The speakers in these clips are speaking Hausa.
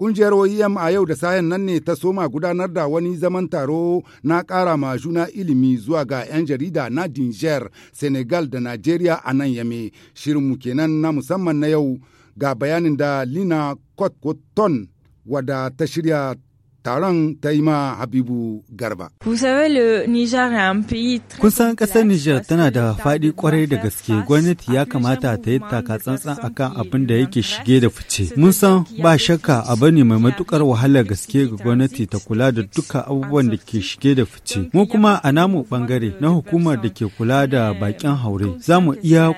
Kungiyar OEM a yau da sayan nan ne ta soma gudanar da wani zaman taro na ƙara ma juna ilimi zuwa ga 'yan jarida na dinger Senegal da Najeriya a nan yame. Shirinmu kenan na musamman na yau ga bayanin da Lina Kotkoton wada ta shirya taron ta yi ma Habibu Garba. Kusan ƙasar Nijar tana da faɗi kwarai da gaske gwamnati ya kamata ta yi takatsantsan akan abin da yake shige da fice. Mun san ba shakka a bane mai matukar wahalar gaske ga gwamnati ta kula da duka abubuwan da ke shige da fice. Mu kuma a namu ɓangare na hukumar da ke kula da baƙin haure za mu iya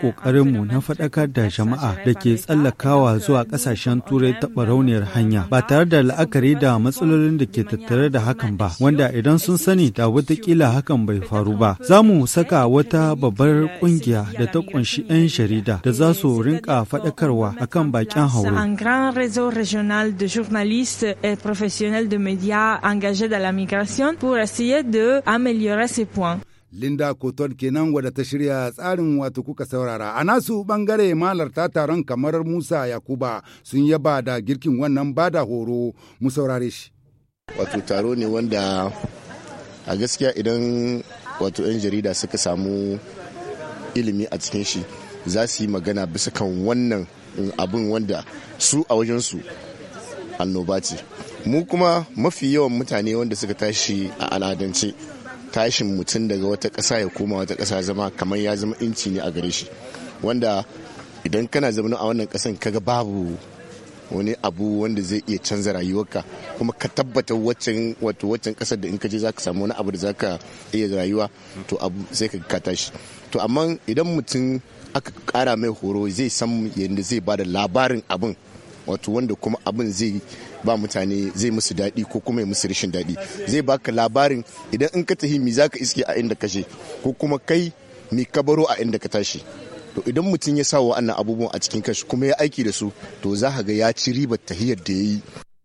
mu na faɗakar da jama'a da ke tsallakawa zuwa ƙasashen turai ta barauniyar hanya ba tare da la'akari da matsalolin illolin da ke tattare da hakan ba wanda idan sun sani da watakila hakan bai faru ba za mu saka wata babbar kungiya da ta kunshi 'yan sharida da za su rinka faɗakarwa kan bakin da de media point. Linda Coton kenan wadda ta shirya tsarin wato kuka saurara. A nasu bangare malarta taron kamar Musa Yakuba sun yaba da girkin wannan bada horo mu saurare shi. wato taro ne wanda a gaskiya idan wato 'yan jarida suka samu ilimi a cikin shi za su yi magana bisa kan wannan mm, abin wanda su a wajensu annoba ce mu kuma mafi yawan mutane wanda suka tashi a al'adance tashin mutum daga wata ƙasa ya koma wata ƙasa zama kamar ya zama inci ne a gare shi wanda idan kana zaune a wannan ƙasan kaga babu wani abu wanda zai iya canza rayuwarka kuma ka tabbata waccan wato waccan kasar da in ka je zaka samu wani abu da zaka iya rayuwa to abu sai ka ka tashi to amma idan mutum aka kara mai horo zai san yadda zai bada labarin abin wato wanda kuma abin zai ba mutane zai musu daɗi ko kuma ya musu rashin daɗi zai baka labarin idan in ka tahi mi zaka iske a inda kashe ko kuma kai mi ka baro a inda ka tashi to idan mutum ya sa wa'annan abubuwan a cikin kashi kuma ya aiki da su to za ka ga ya ci ribar tahiyar da ya yi